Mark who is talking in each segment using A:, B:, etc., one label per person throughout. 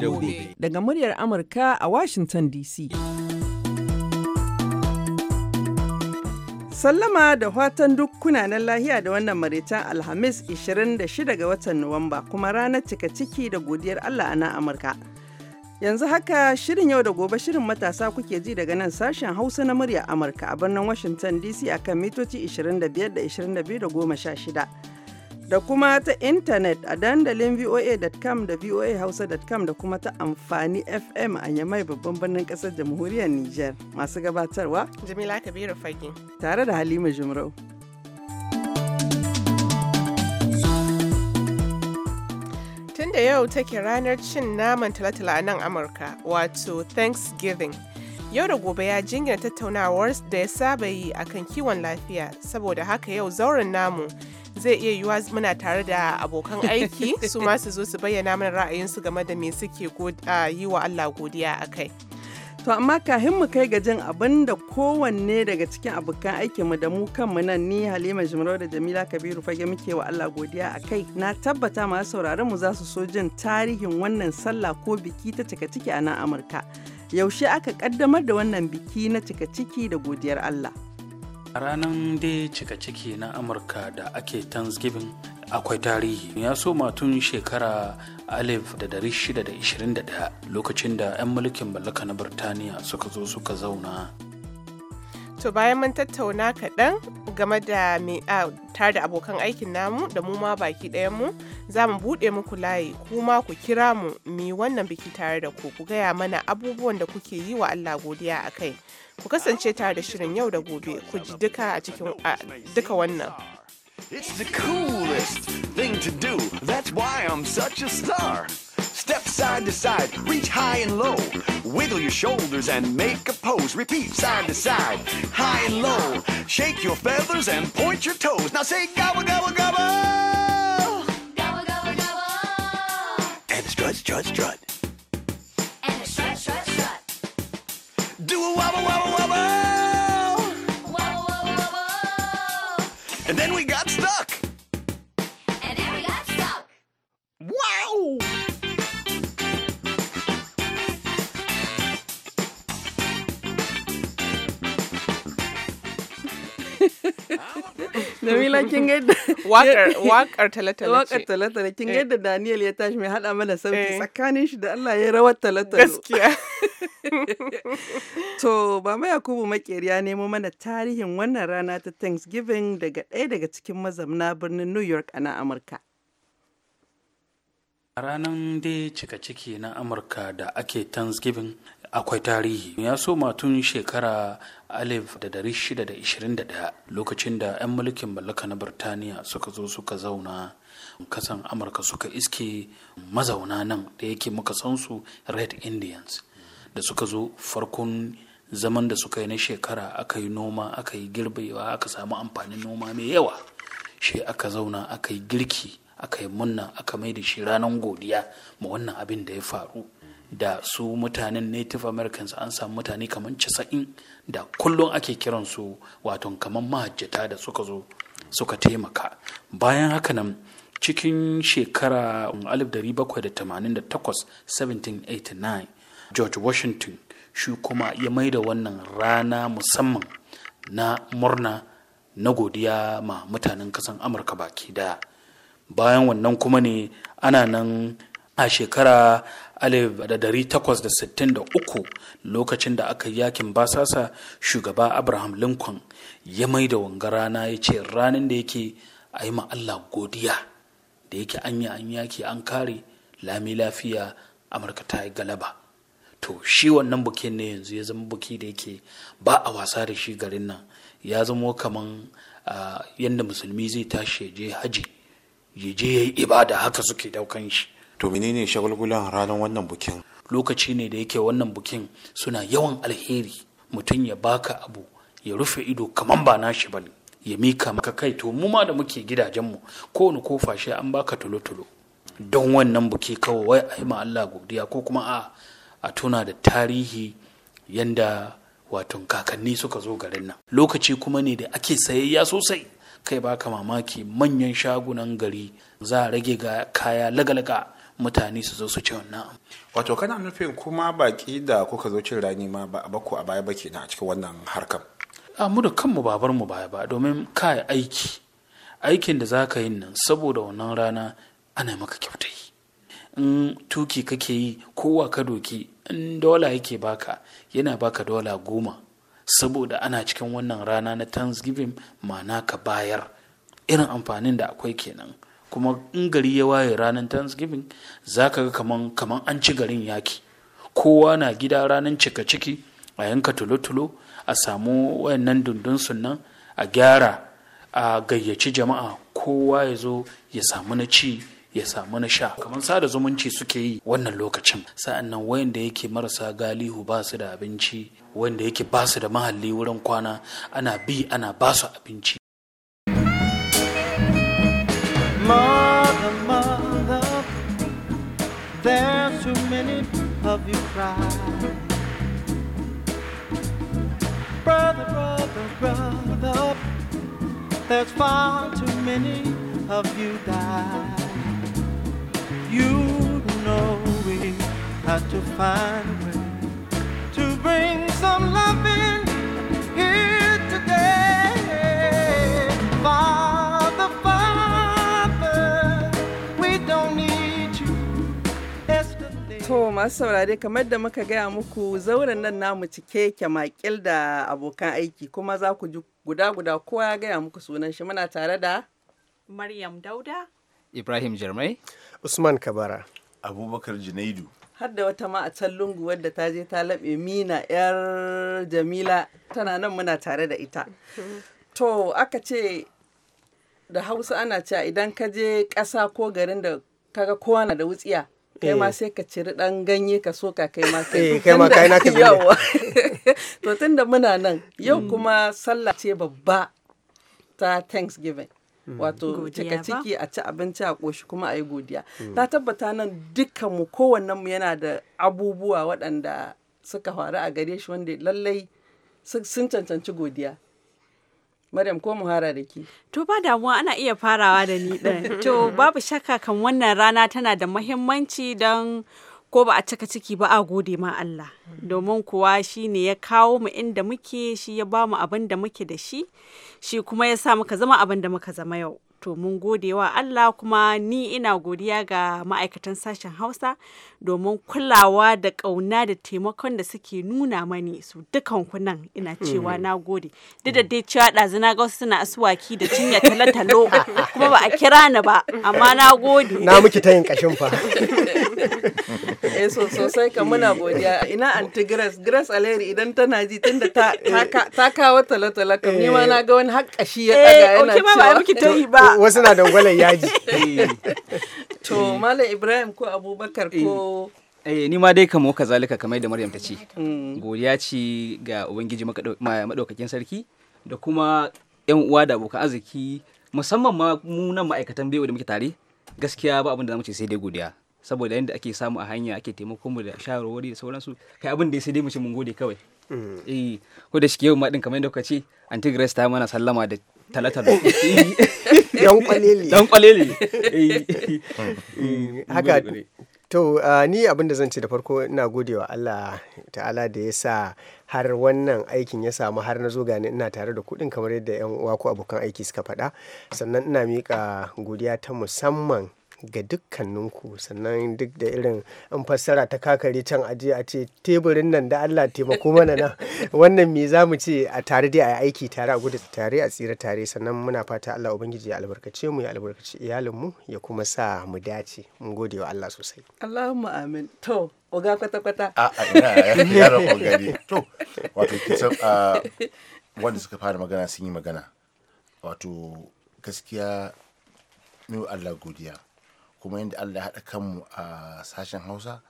A: da gobe. Daga muryar Amurka a Washington DC. Sallama da fatan duk kunanan lahiya da wannan maritan Alhamis 26 ga watan Nuwamba kuma ranar cika ciki da godiyar Allah a nan Amurka. Yanzu haka shirin yau da gobe shirin matasa kuke ji daga nan sashen Hausa na murya Amurka a birnin Washington DC akan mitoci 25 da 22 da 16. da kuma ta intanet a dandalin voa.com da voahausa.com da kuma ta amfani fm a yamai babban birnin kasar jamhuriyar niger masu gabatarwa
B: jamila kabiru fage
A: tare da halima jumrau
B: tun da yau take ranar cin naman talatala a nan amurka wato thanksgiving yau da gobe ya jingina tattaunawar da ya saba yi akan kiwon lafiya saboda haka yau zauren namu zai iya yiwuwa muna tare da abokan aiki su masu zo su bayyana mana ra'ayinsu game da me suke yi wa Allah godiya a kai.
A: To amma kahin mu kai ga jin abin da kowanne daga cikin abokan aikinmu da mu kanmu nan ni Halima Jimarau da Jamila Kabiru fage muke wa Allah godiya a kai. Na tabbata masu sauraron mu za su so jin tarihin wannan sallah ko biki ta cika ciki a nan Amurka. Yaushe aka kaddamar da wannan biki na cika ciki da godiyar Allah.
C: a ranar dai cika ciki na amurka da ake thanksgiving akwai tarihi ya so matun shekara alif da lokacin da 'yan mulkin mallaka na birtaniya suka zo suka zauna
B: To bayan mun tattauna kaɗan game da tare da abokan aikin namu da mu ma baki mu za mu buɗe muku layi kuma ku kira mu mi wannan biki tare da ku ku gaya mana abubuwan da kuke yi wa Allah godiya a kai. Ku kasance tare da shirin yau da gobe ku ji duka a cikin duka wannan. It's the coolest
D: thing to do. That's why I'm such a star. Step side to side, reach high and low. Wiggle your shoulders and make a pose. Repeat side to side,
E: high and low. Shake your feathers and point your toes. Now say gobble, gobble, gobble. Gobble,
F: gobble, gobble. And strut, strut, strut.
C: And a strut, strut, strut.
D: Do a wobble, wobble, wobble. Wobble, wobble, wobble. And then we got stuck.
B: mila kin yadda wakar talatala wakar talatala kin yadda
A: Daniel ya tashi mai hada mana sauki eh. tsakanin shi da Allah ya rawar talatala gaskiya to Baba Yakubu Makeri ya nemo mana tarihin wannan rana ta Thanksgiving daga ɗaya daga cikin mazamna birnin New York a na Amurka
C: a ranar dai cika ciki na amurka da ake thanksgiving akwai tarihi ya so matun shekara alif da dari shida da ishirin da daya lokacin da 'yan mulkin mallaka na birtaniya suka zo suka zauna kasan amurka suka iske mazauna nan da yake muka san su red indians da suka zo farkon zaman da suka yi na shekara aka yi noma aka yi girbewa aka samu amfanin noma mai yawa shi aka zauna aka yi girki aka yi munna aka mai da shi ranar godiya ma wannan abin da ya faru da su mutanen native americans an samu mutane kamar casa'in da kullum ake kiransu wato kamar mahajjata da suka zo suka taimaka bayan haka nan cikin shekara 1788 um, 1789 george washington shi kuma ya maida wannan rana musamman na murna na godiya ma mutanen kasan amurka baki daya bayan wannan kuma ne ana nan a shekara 1863 lokacin da aka yakin basasa shugaba abraham lincoln ya mai da wanga rana ya ce ranar da yake a yi Allah godiya da yake an yi an yaki an kare lami lafiya amurka ta yi galaba to shi wannan bukin ne yanzu ya zama buki da yake ba a wasa da shi garin nan ya zamo kamar yadda musulmi zai tashi ya je haji ya je ya yi ibada haka suke daukan shi to menene shagulgulan ranar wannan bukin lokaci ne da yake wannan bukin suna yawan alheri mutum ya baka abu ya rufe ido kamar ba nashi bane ya mika maka kai to mu ma da muke gidajen gidajenmu kowane kofa shi an baka tulo-tulo don wannan buki kawai wai a yi ma Allah godiya ko kuma a a tuna da tarihi yanda wato kakanni suka zo garin nan lokaci kuma ne da ake sayayya sosai kai baka mamaki manyan shagunan gari za a rage ga kaya lagalaga mutane su zo su ci wannan wato kana nufin kuma baki da kuka zo cin rani ma ba bako a baya ba na a cikin wannan harkar a mu da kanmu babarmu mu baya ba domin ka aiki aikin da za ka yi nan saboda wannan rana ana maka kyautai in tuki kake yi kowa ka doki in dola yake baka yana baka dola goma saboda ana cikin wannan rana na thanksgiving ma'ana ka bayar irin amfanin da akwai kenan kuma in gari ya waye ranar thanksgiving za ka ga kaman an ci garin yaki kowa na gida ranar cika ciki a yanka tulo-tulo a samu wayannan dundun sunan a gyara a gayyaci jama'a kowa ya zo ya samu na ci ya samu na sha kamar sada zumunci suke yi wannan lokacin sa'an sa'annan wayanda yake marasa galihu ba su da abinci wanda yake ba su da mahalli wurin kwana ana bi ana ba su abinci
F: Mother, mother, there's too many of you cry. Brother, brother, brother, there's far too many of you
E: die.
F: You know we had to
E: find a way to bring some love.
A: masu saurare kamar da muka gaya muku zauren nan namu cike ke makil da abokan aiki kuma za ku ji guda-guda kowa ya gaya muku sunan shi muna tare da
B: Maryam Dauda
E: Ibrahim jirmai Usman Kabara Abubakar Junaidu
A: har da wata ma a can lungu wadda ta je ta laɓe mina 'yar Jamila tana nan muna tare da ita to aka ce da hausa ana cewa idan ka je ƙasa ko garin da kaga kowa na da wutsiya Eh. kai ma sai ka ciri dan ganye ka soka kai ma kai eh, kai ma kai naka yawa to tunda muna nan yau mm. kuma sallah ce babba ta Thanksgiving
B: mm. wato cika
A: ciki a ci abinci a ƙoshi kuma a yi godiya Ta mm. tabbata nan dukkan mu kowannen mu yana da abubuwa waɗanda suka faru a gare shi wanda lallai sun cancanci godiya Maryam ko mu da ke. To ba damuwa ana iya farawa da ni ɗin. to babu shakka kan wannan rana tana da mahimmanci don ko ba a cika ciki ba a gode ma Allah. Mm. Domin kuwa shi ne ya kawo mu inda muke shi ya ba mu abin da muke da shi shi kuma ya sa muka zama abin da muka zama yau. To mun gode wa Allah kuma ni ina godiya ga ma'aikatan sashen Hausa domin kulawa da
B: ƙauna da taimakon da suke nuna mani su dukan kunan ina cewa hmm. na gode.
A: Duk da dai cewa ɗazu na ga suna asuwaki da cinya talo kuma ba a kira ni ba amma na gode. Na miki
E: ta yin ƙashin fa.
A: eh so sosai ka muna eh. godiya ina anti grace grace alheri idan tana ji tunda ta eh. ta kawo talatala kan ni ma eh. na ga wani hakkashi ya daga yana cewa
E: wasu na dangwalan yaji
C: to
A: malam ibrahim ko abubakar ko
C: Eh, ni ma dai kamo zalika kamar da Maryam ta ce. Mm. Godiya ce ga Ubangiji madaukakin sarki da kuma 'yan uwa da abokan arziki musamman ma mu nan ma'aikatan biyu da muke tare gaskiya ba abin da zamu ce sai dai godiya saboda yadda ake samu a hanya ake taimakon mu da shawarwari da sauransu kai abin da sai dai mu ci mun gode kawai mm. eh ko da shike yau ma din kamar yadda kuka ce anti grace ta mana sallama da talatalo dan kwaleli dan eh. eh, kwaleli
E: haka to ni abin da zan ce da farko ina godewa Allah ta'ala da ya sa har wannan aikin ya samu har na zo gani ina tare da kuɗin kamar yadda 'yan uwa ko abokan aiki suka faɗa sannan ina miƙa godiya ta musamman ga dukkaninku sannan duk da irin in fassara ta kakari can aje a ce teburin nan da Allah taimako mana na wannan me za mu ce a tare dai a aiki tare a gudu tare a tsira tare sannan muna fata Allah ubangiji ya albarkace mu ya albarkace iyalinmu ya kuma sa mu dace mun gode wa Allah sosai
A: Allahumma amin to oga kwata kwata a a yara ogari to
D: wato kisan ah, wanda suka fara magana sun yi magana wato gaskiya mu Allah godiya kuma yadda allah ya haɗa kanmu a sashen hausa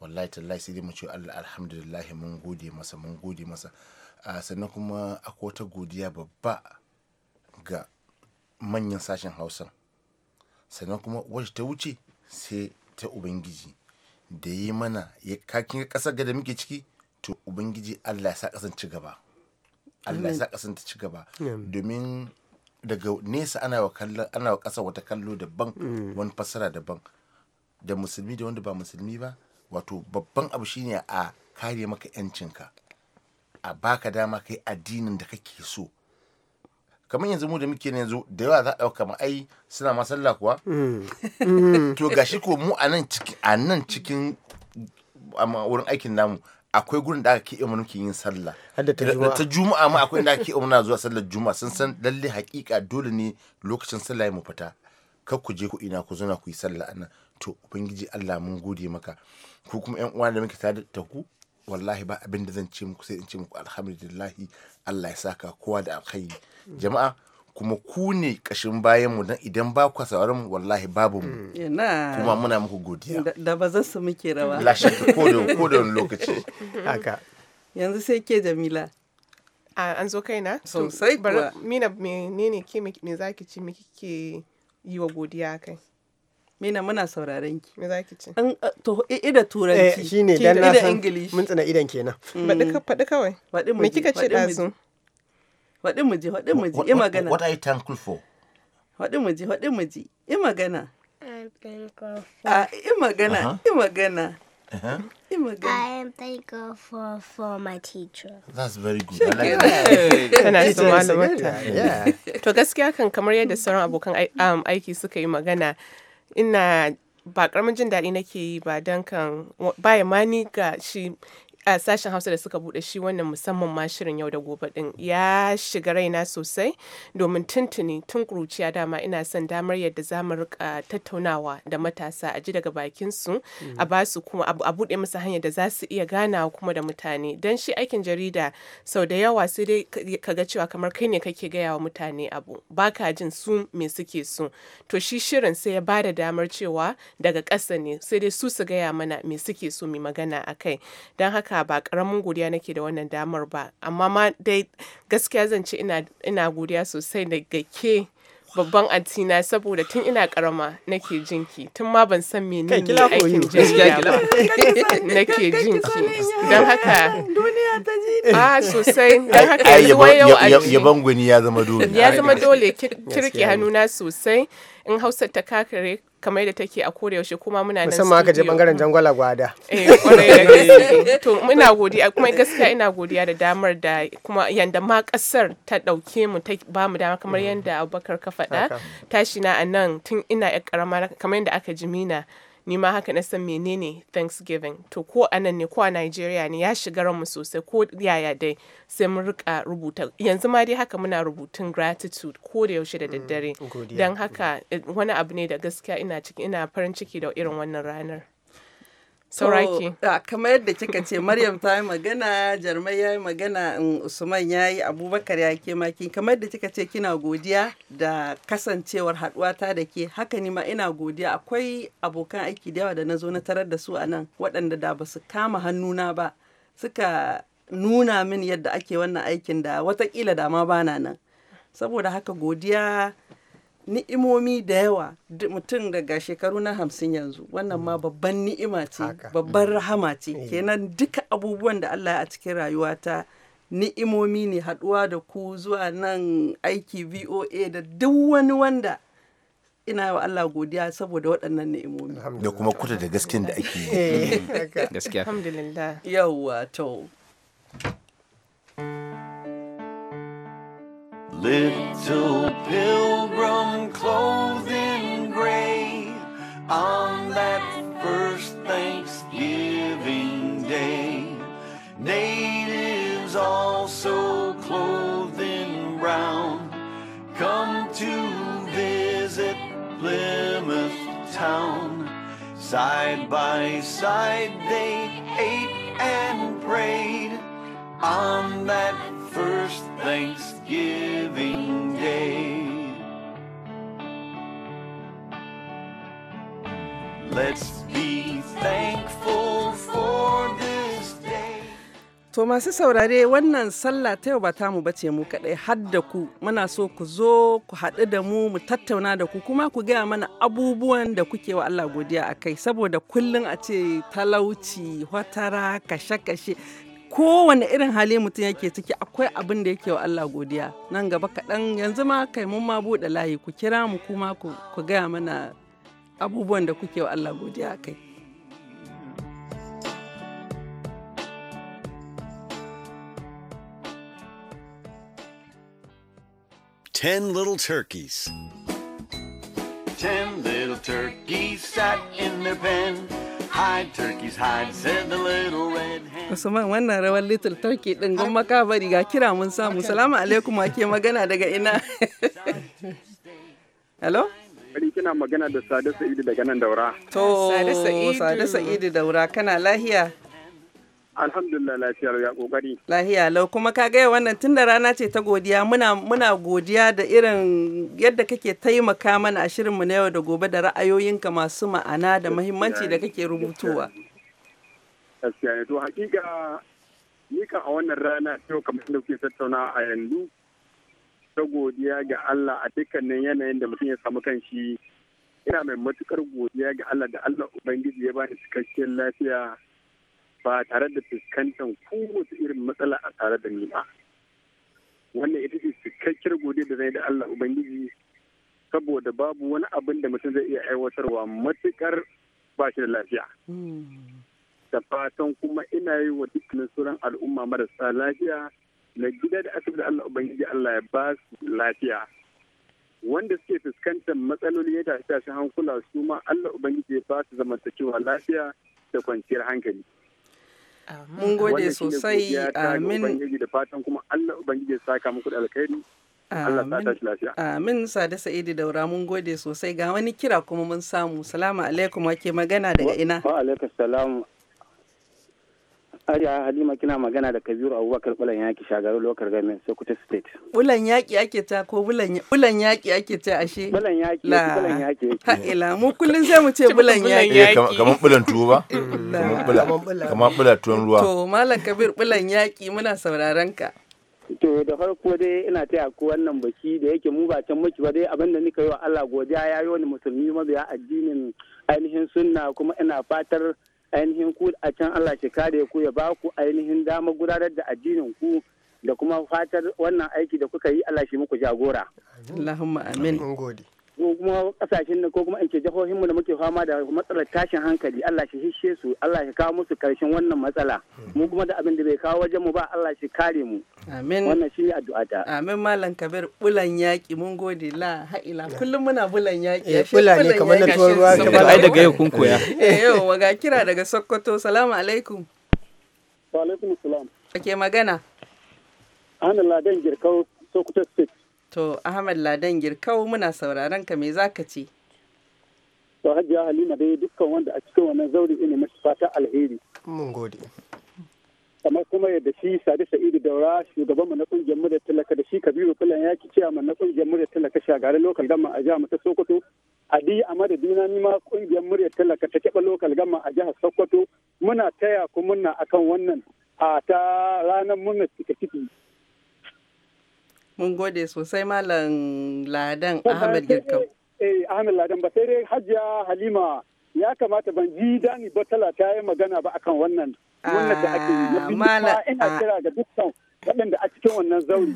D: wallahi tallahi sai dai mu ce allah alhamdulillah mun gode masa mun gode masa sannan kuma akwai wata godiya babba ga manyan sashen Hausa sannan kuma wacce ta wuce sai ta ubangiji da yi mana ya kakin ƙasar da muke ciki to ubangiji allah ya sa ƙasar ci gaba allah ya sa ƙasar ta ci gaba domin daga nesa ana wa kallon ana wa ƙasa wata kallo daban mm. wani fassara daban da musulmi da wanda ba musulmi ba wato babban abu shine a kare maka yancinka a baka dama kai addinin da kake so kamar yanzu mu da muke ne yanzu da yawa za a ɗauka ma ai suna ma sallah kuwa mm. Mm. to gashi ko mu a nan cikin wurin aikin namu akwai gurin da aka keɓe mana yin sallah da ta juma'a ma akwai da aka keɓe mana zuwa sallar juma'a sun san lalle hakika dole ne lokacin sallah mu fita kar ku je ku ina ku zauna ku yi sallah anan to ubangiji Allah mun gode maka ku kuma yan uwa da muke tare da ku wallahi ba abin da zan ce muku sai in ce muku alhamdulillahi Allah ya saka kowa da alkhairi jama'a kuma ku ne kashin bayanmu don idan ba ku sauran mu wallahi babu mu hmm. kuma muna muku godiya
A: da ba zan su muke rawa lashe ko da lokaci haka
B: yanzu sai ke Jamila an zo kaina sosai bari mina ne ke me zaki ci miki ke yi wa godiya kai Mina muna sauraron ki. Me zaki ci? An
A: to ida turanci. Eh, shine
B: dan na
E: san mun tsana idan kenan. Hmm. Faɗi kawai. Me kika ce dazu?
A: Faɗi mu ji, faɗi mu ji, yi magana. What are you thankful for? Faɗi mu ji, faɗi mu ji, yi magana.
B: I am thankful Ah, yi magana, uh-huh. uh-huh. yi magana. I am thankful for for my teacher. That's very good. I like that. Tana ji malamarta. To gaskiya kan kamar yadda sauran abokan um, aiki suka yi magana ina ba karamin jin daɗi nake yi ba don kan ba ya mani ga shi a sashen hausa da suka bude shi wannan musamman ma shirin yau da gobe din ya shiga raina sosai domin tuntuni tun kuruciya dama ina son damar yadda za mu rika tattaunawa da matasa a ji daga bakin su mm. a ba su kuma a bude musu hanyar da za su iya ganawa kuma da mutane dan shi aikin jarida sau da yawa sai dai ka ga cewa kamar kai ne kake gaya wa mutane abu baka jin su me suke so to shi shirin sai ya ba da damar cewa daga ƙasa ne sai dai su su gaya mana me suke so mai magana a kai dan haka haka ba ƙaramin godiya nake da wannan damar ba amma ma dai gaskiya zan ce ina godiya sosai da gake babban antina saboda tun ina karama nake jinki tun ma ban san menene aikin jinkiya nake jinki don haka a ah, sosai don haka yanzu wai yau a ya zama dole ya zama dole kirki hannuna sosai in hausa ta kakare kamar da take a koda yaushe kuma muna nan musamman aka je bangaren
E: jangwala gwada eh,
B: to muna godiya kuma gaskiya ina godiya da damar da kuma yanda ma kasar ta dauke mu ta ba mu dama kamar mm. yanda Abubakar ka faɗa tashi na a nan tun ina yar karama kamar yanda aka jimina mina ni ma haka na san menene thanksgiving to ko a nan ne ko a nigeria ne ya shiga ranmu sosai ko yaya dai sai mun rika rubuta yanzu ma dai haka muna rubutun gratitude ko da yaushe da mm, daddare don haka eh, wani abu ne da gaskiya ina farin ciki da irin wannan ranar sauraki so, ah, kamar yadda
A: kika ce maryam ta yi magana jarmai ya yi magana um, usman ya yi abubakar ya ke maki kamar yadda kika ce kina godiya da kasancewar haɗuwa ta da ke haka ni ma ina godiya akwai abokan aiki da yawa da na zo na tarar da su a nan waɗanda da ba su kama hannuna ba suka nuna min yadda ake wannan aikin da watakila da bana nan saboda haka godiya ni'imomi da yawa mutum daga shekaru na hamsin yanzu wannan ma mm. babban ni'ima ce babban mm. rahama ce mm. kenan duka abubuwan da Allah a cikin rayuwata ni'imomi ne haɗuwa da ku zuwa nan aiki VOA da duk wani wanda ina wa Allah godiya saboda waɗannan ni'imomi da kuma
D: kuta da gaskiyan da ake eh. gaskiya
A: yawa
F: little pill my side
A: To masu saurare wannan sallah ta yau ba tamu bace mu kaɗai har da ku muna so ku zo ku haɗu da mu mu tattauna da ku kuma ku gaya mana abubuwan da kuke wa Allah godiya a kai saboda kullum a ce talauci watara kashe-kashe kowane irin hali mutum yake ciki akwai abin da yake wa Allah godiya nan gaba kaɗan yanzu ma kai mun ma buɗe layi ku kira mu kuma ku gaya mana abubuwan da kuke wa Allah godiya a kai.
F: ten little turkeys. Ten little
G: turkeys sat in their pen. Hide turkeys, hide, said the little
A: red hen. Usman wannan rawar Little Turkey din gumma ka ga kira mun samu. Salamu alaikum a ke magana daga ina.
G: Hello? bari kina magana da Sade Sa'idu daga nan Daura. To,
A: Sade Sa'idu daura kana lahiya?
G: Alhamdulillah lafiyar ya
A: kokari. Lahiya lau kuma ka gaya wannan tun da rana ce ta godiya muna godiya da irin yadda kake taimaka mana a shirinmu na yau da gobe da ra'ayoyinka masu ma'ana da mahimmanci da kake rubutuwa.
G: Gaskiya ne to hakika ni kan a wannan rana ta yau kamar da kuke tattauna a yanzu ta godiya ga Allah a dukkanin yanayin da mutum ya samu kanshi ina mai matukar godiya ga Allah da Allah Ubangiji ya bani cikakken lafiya ba tare da fuskantar kowace irin matsala a tare da ni ba wannan ita ce cikakkiyar gode da zai da Allah ubangiji saboda babu wani abin da mutum zai iya aiwatarwa matukar ba shi da lafiya da fatan kuma ina yi wa dukkanin sauran al'umma marasa lafiya na gida da asibiti da Allah ubangiji Allah ya ba su lafiya wanda suke fuskantar matsaloli ya tashi hankula su ma Allah Ubangiji ya ba su zamantakewa lafiya da kwanciyar hankali.
B: Mun gode sosai amin.
G: da fatan kuma Allah saka muku da
A: Amin Sa'idu Daura mun gode sosai ga wani kira kuma mun samu. Salamu alaikum wake magana daga ina. Wa alaikum salam
G: Ariya Halima kina magana da Kabiru Abubakar Bulan Yaki shagaru lokar gamin Sokoto State.
A: Bulan Yaki ake ta ko Bulan Yaki ake ta ashe? Bulan Yaki Bulan Yaki. Ha ila mu kullun sai mu ce Bulan Yaki. Eh, kamar
D: bulan tuwo ba? kamar bulan tuwon ruwa. To
A: Malam Kabir Bulan Yaki muna sauraron ka. to da farko dai ina taya
G: ku wannan baki da yake mu ba can maki ba dai abinda nika yi wa Allah godiya ya yi wani musulmi mabiya addinin ainihin sunna kuma ina fatar ainihin ku a can Allah shi kare ku ya ba ku ainihin dama gudanar da addinin ku da kuma fatar wannan aiki da kuka yi Allah shi muku jagora.
A: Allahumma amin.
G: ko kuma kasashen ko kuma in ce jihohin mu da muke fama da matsalar tashin hankali Allah shi hishe su Allah shi kawo musu karshen wannan matsala mu kuma da abin da bai kawo wajen mu ba Allah shi kare mu amin wannan shi ne ta
A: amin malam kabir bulan yaki mun gode la ha'ila kullum muna bulan yaki eh, bulan ne kamar na tuwon ruwa kamar ai daga yau kun koya eh yau waga kira daga Sokoto salamu alaikum wa alaikum salam kake magana Ana ladan girkau Sokoto State To Ahmad Ladan Girkau muna sauraron ka me zaka ce?
G: To Hajiya Halima dai dukkan wanda a cikin wannan zauri ne masu fata alheri. Mun gode. kamar kuma yadda shi Sadi Sa'idu Daura shugaban mu na kungiyar mu talaka da shi Kabiru Fulan ya ki cewa mu na kungiyar mu da talaka shagare lokal gama a jihar ta Sokoto Adi a madadina ni ma kungiyar mu talaka ta keɓe lokal gama a jihar Sokoto muna taya ku muna akan wannan a ta ranar murnar ciki
A: Mun gode sosai Malam Ladan Ahmed
G: Girkau. Eh, Ahmed Ladan ba sai dai Hajiya Halima ya kamata ban ji dani ba tala ta yi magana ba akan wannan wannan da ake yi na ah, ina ah. kira ga dukkan waɗanda a cikin wannan zauri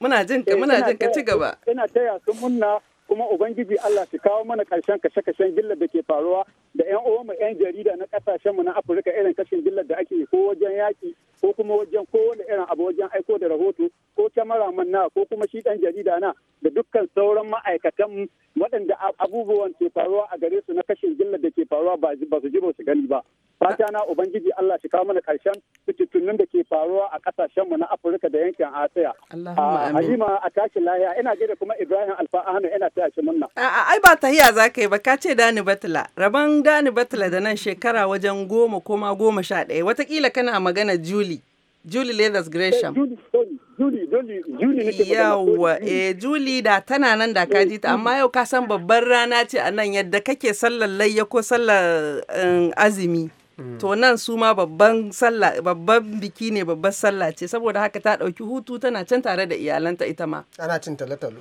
G: muna jin ka eh, muna jin ka ci gaba ina taya su munna kuma ubangiji Allah shi kawo mana karshen kashe-kashen gillar da ke faruwa da yan uwanmu yan jarida na kasashen mu na Afirka irin kashin gillar da ake ko wajen yaki ko kuma wajen kowane irin abu wajen aiko da rahoto ko kyamaraman na ko kuma shi dan jarida na da dukkan sauran ma'aikatan waɗanda abubuwan ke faruwa a gare su na kashin gillar da ke faruwa ba su ji ba su gani ba fata na ubangiji Allah shi kawo mana karshen fitattunan da ke faruwa a kasashen mu na Afirka da yankin Asiya ah, Halima a tashi lahiya ina gaida kuma Ibrahim Alfa Ahmed ina taya
A: A'a ai ba tahiya za ka yi ba ka ce Dani Batla. Rabon Dani Batla da nan shekara wajen goma koma goma sha ɗaya watakila kana magana Julie. Julie Leathers Gresham. Eh, Yawwa, eh Julie da tana nan da ka ji ta amma yau ka san babbar rana ce a nan yadda kake sallar layya ko sallar eh, azumi. to nan su ma babban sallah babban biki ne babban sallah ce saboda haka ta dauki hutu tana can tare da iyalanta ita ma ana cin talatalo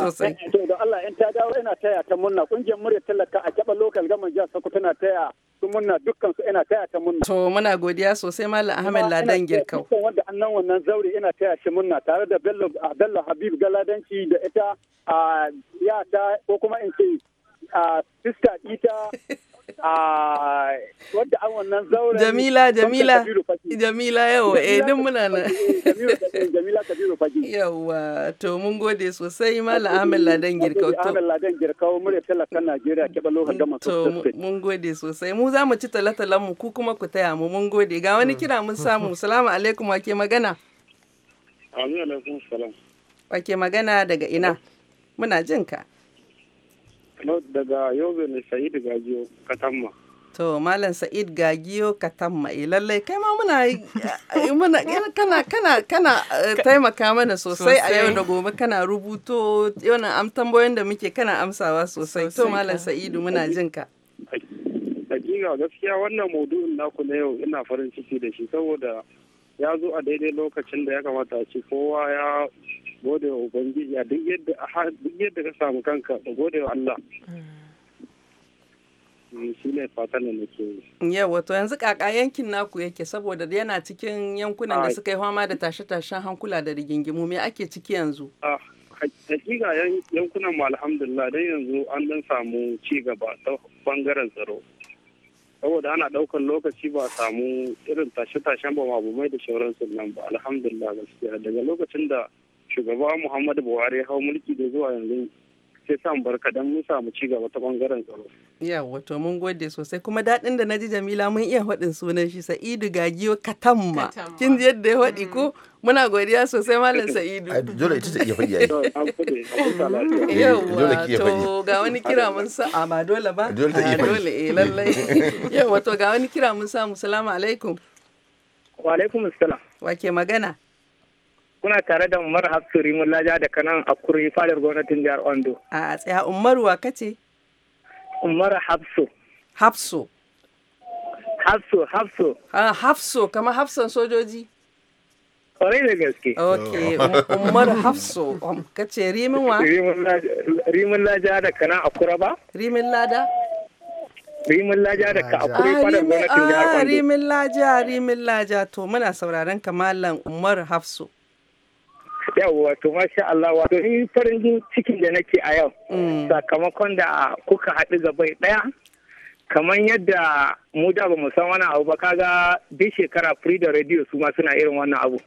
A: sosai to
G: Allah in ta dawo ina taya ta munna kungiyar murya talaka a kaba local gaman jihar Sokoto tana taya su munna dukkan su ina taya ta munna
A: to muna godiya sosai malam Ahmed Ladan Girkau
G: wanda annan wannan zauri ina taya shi munna tare da Bello Bello Habib Galadanci da ita a ya ta ko kuma in ce a sister ita
A: Ah,
G: an wannan Jamila Jamila
A: Jamila eh din muna nan eh, Jamila to mun gode sosai Malam Ahmed Ladan Girkau to
G: Ahmed to
A: mun gode sosai mu za ci talatalan mu ku kuma ku taya mu mun gode ga wani kira mun samu alaikum magana magana daga ina muna jinka.
G: daga yobe ne sa'id gajiyo katamma
A: to malam sa'id gagiyo katamma eh lallai kai ma muna eh, muna eh, kana kana kana eh, taimaka mana sosai a yau da gobe kana rubuto yau am tambayoyin da muke kana amsawa sosai to malam sa'idu muna jin ka
G: hakika gaskiya wannan maudu'in naku na yau ina farin ciki da shi saboda ya zo a daidai lokacin da ya kamata a ce kowa ya gode wa ubangiji a duk yadda ka samu kanka da gode wa Allah mm. mm, shi fatan da nake
A: yawa to yanzu kaka yankin naku yake saboda yana cikin yankunan da suka yi fama da tashe-tashen hankula da rigingimu me ake ciki yanzu
G: ah, hakika yankunan mu alhamdulillah dan yanzu an dan samu ci gaba ta bangaren tsaro saboda ana daukan lokaci ba samu irin tashe-tashen ba mabumai da sauransu nan ba alhamdulillah gaskiya daga lokacin da shugaba muhammadu buhari ya hau mulki da zuwa yanzu sai sa barka don mun samu ci gaba ta
A: bangaren tsaro ya wato mun gode sosai kuma daɗin da na ji jamila mun iya faɗin sunan shi sa'idu gagiyo katamma kin ji yadda ya faɗi ko mm. muna godiya sosai malam sa'idu
D: dole ita ta iya faɗi ai yawa
A: eh, eh, to ga wani kira mun sa a dole ba dole ta iya faɗi dole eh lallai yawa to ga wani kira mun mu salamu alaikum wa alaikum assalam wa ke magana kuna tare da Umar
G: Hafsu Rimullaja da kanan Akuri fadar gwamnatin jihar Ondo.
A: A tsaya Umaru wa kace? Umar Hafsu. Hafsu. Hafsu, Hafsu. Ah, Hafsu, kamar Hafsan sojoji. Kwarai da gaske. Ok, oh. um,
G: Umar Hafsu, um,
A: kace Rimin wa?
G: Rimin Laja da kanan Akura ba?
A: Rimin Lada?
G: Rimin Laja da ka akwai fadar ah, gwamnatin jihar ah, Ondo. Rimin
A: Laja, Rimin Laja, to muna sauraron kamalan Umar Hafsu. yawo
G: wato masha Allah wato ni farin cikin da nake a yau mm. sakamakon da kuka haɗu gabai ɗaya kamar yadda mu da ba mu san wani abu ba kaga duk shekara free da radio su ma suna irin wannan abu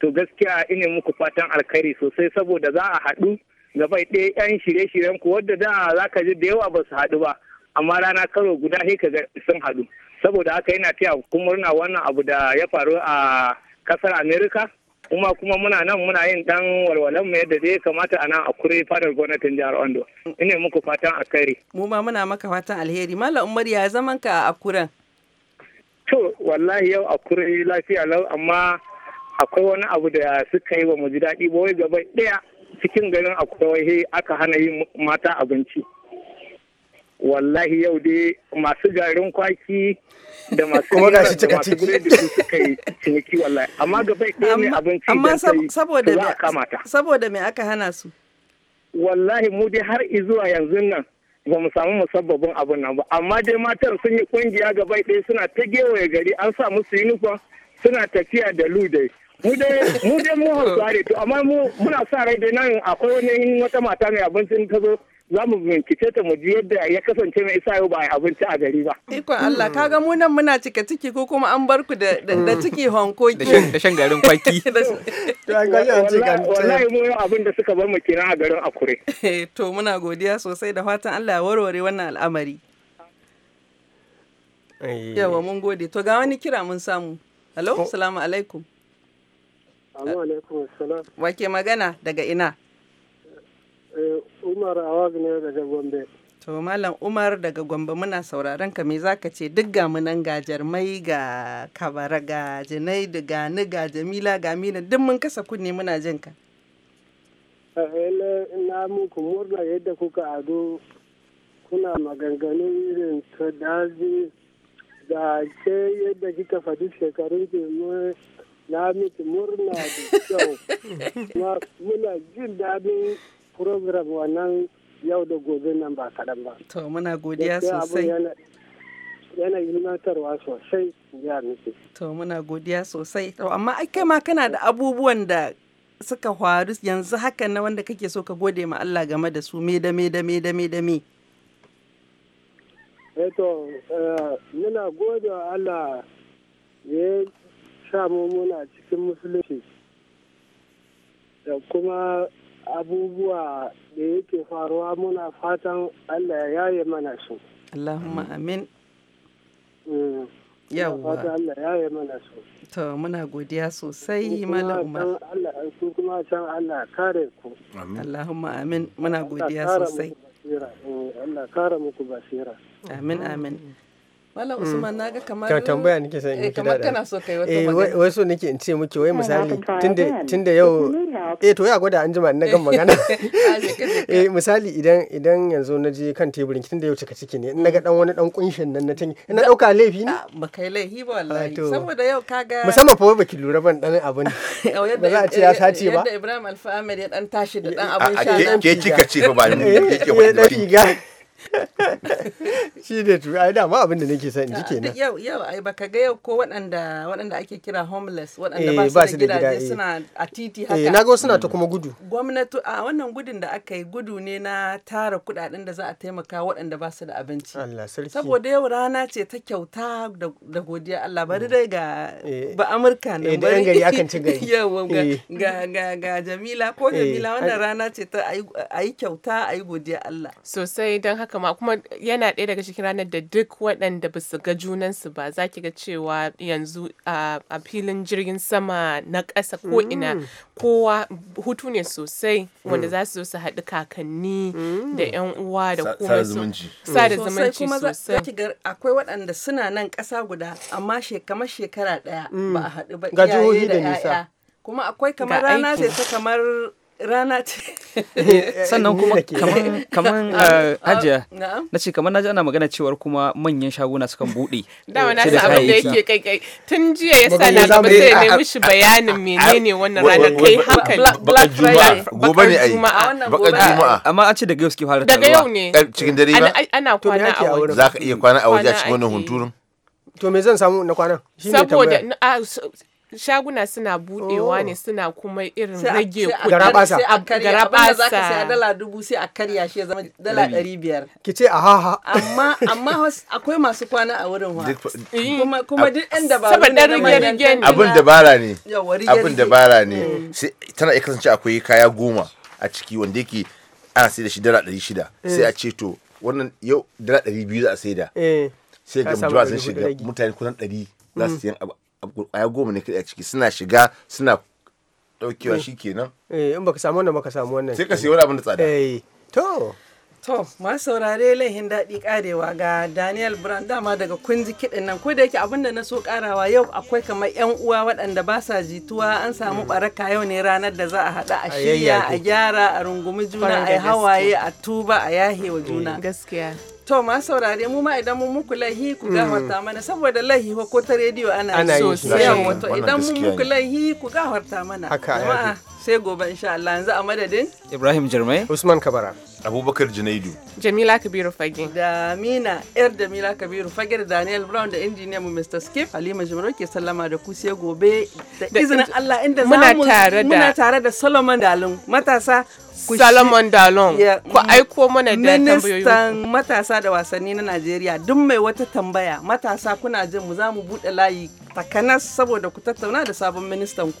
G: to gaskiya ina muku fatan alkhairi sosai saboda za a haɗu gabai ɗaya yan shirye-shiryen ku wadda da za ka ji da yawa ba su haɗu ba amma rana karo guda sai ka ga sun haɗu saboda haka yana taya ku murna wannan abu da ya faru a kasar america kuma kuma muna nan muna yin dan walwalan mu yadda zai kamata a nan a kure fadar gwamnatin jihar Ondo ina muku fatan alheri
A: mu ma muna maka fatan alheri mallam Umar ya zaman ka a kuren to wallahi
G: yau a kure lafiya lau amma akwai wani abu da suka yi wa mu ji daɗi ba wai gaba ɗaya cikin garin akwai aka hana yin mata abinci wallahi yau dai masu garin kwaki da masu kuma da masu ciki su
A: suka yi ciniki wallahi amma gaba ɗaya ne abinci da sai saboda me kamata saboda me aka hana su wallahi mu dai har zuwa yanzu nan ba mu
G: samu musabbabin abin nan ba amma dai matar sun yi kungiya gaba ɗaya suna ta gewaye gari an sa musu uniform suna tafiya da lu dai mu dai mu hausa ne to amma mu muna sa rai dai nan akwai wani wata mata mai abincin ta zo za mu bincike ta mu ji yadda ya kasance mai isa yau ba abinci a gari ba.
A: Ikon Allah ka ga mu nan muna cika ciki ko kuma an bar ku da mm. ciki honkoki. Da shan garin kwaki. Wallahi
G: mu yau abin da suka bar mu kenan a garin Akure.
A: Eh, to muna godiya sosai da fatan Allah ya warware wannan al'amari.
G: Eh.
F: Yawa
A: mun gode. To ga wani kira mun samu. Hello, oh. salamu alaikum. Wa magana daga ina?
F: Umar a ne daga Gombe.
A: To Malam Umar daga Gombe muna sauraron ka me zaka ce duk ga munan ga Jarmai ga Kabara ga Junaidu ga ni ga Jamila ga Mina duk mun kasa kunne muna jin ka.
F: ina eh, muku murna yadda kuka ado kuna maganganu irin ta daji da ke yadda kika faɗi shekarun ke na miki murna da kyau muna jin daɗin program wannan yau da gobe nan ba kaɗan ba.
A: To muna godiya sosai.
F: Yana ilmantarwa sosai ya nufi.
A: To muna godiya sosai. To amma ai kai ma kana da abubuwan da suka faru yanzu haka na wanda kake so ka gode ma Allah game da su me da me da me da me da me.
F: Eto eh eh, muna gode wa Allah ya sa mu muna cikin musulunci da kuma abubuwa da yake faruwa muna fatan Allah ya yaye mana su.
A: Allahumma amin. Mm. Yawwa. Fatan Allah
F: ya yaye mana su.
A: To muna godiya sosai mana umar.
F: Su kuma can Allah
A: kare ku. Allahumma amin muna godiya sosai.
F: Mm, Allah kare
E: muku basira.
A: Amin amin. Malam mm. Usman na ga kamar ka tambaya nake son in eh, kamar kana so kai wata eh, magana. Eh
E: wai so nake in ce miki wai misali tunda tunda yau eh to ya gwada an jima na gan magana. Ah, eh misali idan idan yanzu na je kan teburin tunda yau cika ciki ne in naga mm. dan wani dan kunshin nan na tanki ina dauka laifi ne? Ah, ba
A: kai laifi ba ah, wallahi saboda yau kaga musamman
E: fa baki lura ban dan abin
A: ba za a ce ya sace ba. Yadda Ibrahim Alfa Ahmed ya dan tashi da dan eh, abun sha
E: nan. Ke kika ce ba ba ni ke ke shi ne tu ai dama abin da nake son ji ah, kenan
A: yau yau ai baka ga yau ko waɗanda waɗanda ake kira homeless waɗanda eh, ba su da gidaje eh. suna a titi eh, haka eh ga suna ta mm. kuma gudu gwamnati a wannan gudun da aka yi gudu ne na tara kuɗaɗen da za a taimaka waɗanda ba su da abinci Allah sarki saboda yau rana ce ta kyauta da godiya Allah bari mm. dai ga ba Amurka nan bari gari akan ci gari yau ga ga ga Jamila ko Jamila wannan rana ce ta ayi kyauta ayi godiya Allah
B: sosai dan haka haka ma kuma yana ɗaya daga cikin ranar da duk waɗanda ba su ga junansu ba za ki ga cewa yanzu a filin jirgin sama na ƙasa ko ina mm. kowa hutu ne sosai wanda mm. za su su haɗu kakanni mm. da 'yan uwa da kuma sa da zumunci sosai
A: akwai waɗanda suna nan ƙasa guda amma kamar shekara ɗaya ba a haɗu ba iyaye da 'ya'ya kuma akwai kamar rana sai ta kamar rana ce sannan kuma kaman kaman hajiya na ce kaman naji ana magana cewar kuma manyan shaguna kan buɗe da wani san abin da yake
B: kai kai tun jiya ya sa na gaba sai ne mishi bayanin menene wannan ranar kai hankali black friday gobe ne ai bakar juma'a
A: amma an ce daga yau suke fara daga yau ne cikin dare ba
B: ana kwana a Za zaka iya kwana a waje a cikin wannan
D: hunturun
E: to me zan samu na kwana saboda
B: shaguna suna budewa ne oh. suna kuma irin rage kuɗi garabasa garabasa sai a dala dubu sai a karya shi ya zama dala ɗari
E: biyar ki ce ahaha
A: amma amma akwai masu kwana a wurin wa eh. kuma kuma duk ɗan dabaru saboda rige rige abin dabara ne abin dabara
D: ne mm. sai tana iya kasance akwai kaya goma a ciki wanda yake ana sai da shi dala ɗari shida mm. sai a ce to wannan yau dala ɗari biyu za a sai da eh. sai ga mutane kusan ɗari za su mm. yi abu kwaya goma ne kaɗai a ciki suna shiga suna ɗaukewa eh. shi kenan
E: eh in baka
A: samu wannan baka samu
D: wannan sai ka sayi wani abin da tsada eh to
A: To, masu saurare laihin daɗi karewa ga Daniel Brand dama daga kunji kiɗin nan ko da yake abin da na so karawa yau akwai kamar 'yan uwa waɗanda ba sa jituwa an samu hmm. ɓaraka yau ne ranar da za a haɗa a shirya a gyara a rungumi juna a hawaye a tuba a yahewa juna. Eh, gaskiya. To ma saurare mu ma idan mun muku laihi ku gafarta mm. mana saboda laihi ko ta rediyo ana so sosai wato idan mun muku laihi ku gafarta mana. Haka sai gobe insha Allah yanzu a madadin
E: Ibrahim Jirmai Usman Kabara abubakar janaidu
A: jamila kabiru fage da mina yar jamila kabiru fage da daniel brown da injiniyan mu mr skip halima jimaro ke sallama da ku sai gobe da izinin allah inda muna tare da muna tare da solomon dalon
B: matasa Salomon Dalon ku aiko mana da tambayoyi. Ministan
A: matasa da wasanni na Najeriya duk mai wata tambaya matasa kuna jin mu za mu buɗe layi takanas saboda ku tattauna da sabon ministan ku.